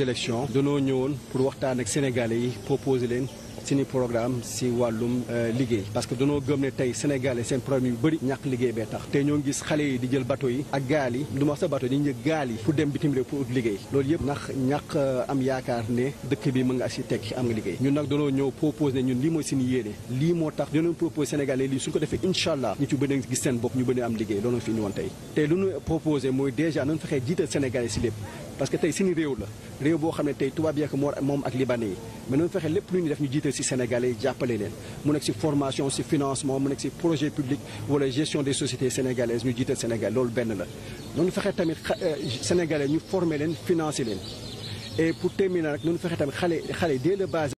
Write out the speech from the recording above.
élections danoo ñëwoon pour waxtaan ak sénégalais yi proposer leen suñu programme si wàllum euh, liggéey parce que danoo gëm ne tey sénégalais seen problème yu bëri ñàkk liggéey bee tax te ñoo gis xale yi di jël bato yi ak gaal yi du ma sa bateau di njëg gaal yi pour dem bitim réew pour ut liggéey loolu yëpp ndax ñàkk euh, am yaakaar ne dëkk bi mën nga asi tekki am nga liggéey ñun nag danoo ñëw proposer ne ñun lii mooy suñu yéene lii moo tax dinañ proposer sénégalais lii suñ ko defee incha allah ñu ci bëri gis am liggéey loolu fi ñu tey te lu ñu proposer mooy déjà nañ fexee jiital sénégalais si lépp parce que tey suñu réew la réew boo xam ne tey tubaab yeek moom ak libanais yi mais noonu fexe lépp lu ñu def ñu jiital si sénégalais yi jàppale leen mu nekk si formation si financement mu nekk si projet public wala gestion des sociétés sénégalaises ñu jiital Sénégal loolu benn la noonu fexe tamit euh, sénégalais ñu former leen financer leen et pour terminer nag noonu fexe tamit xale xale dès le base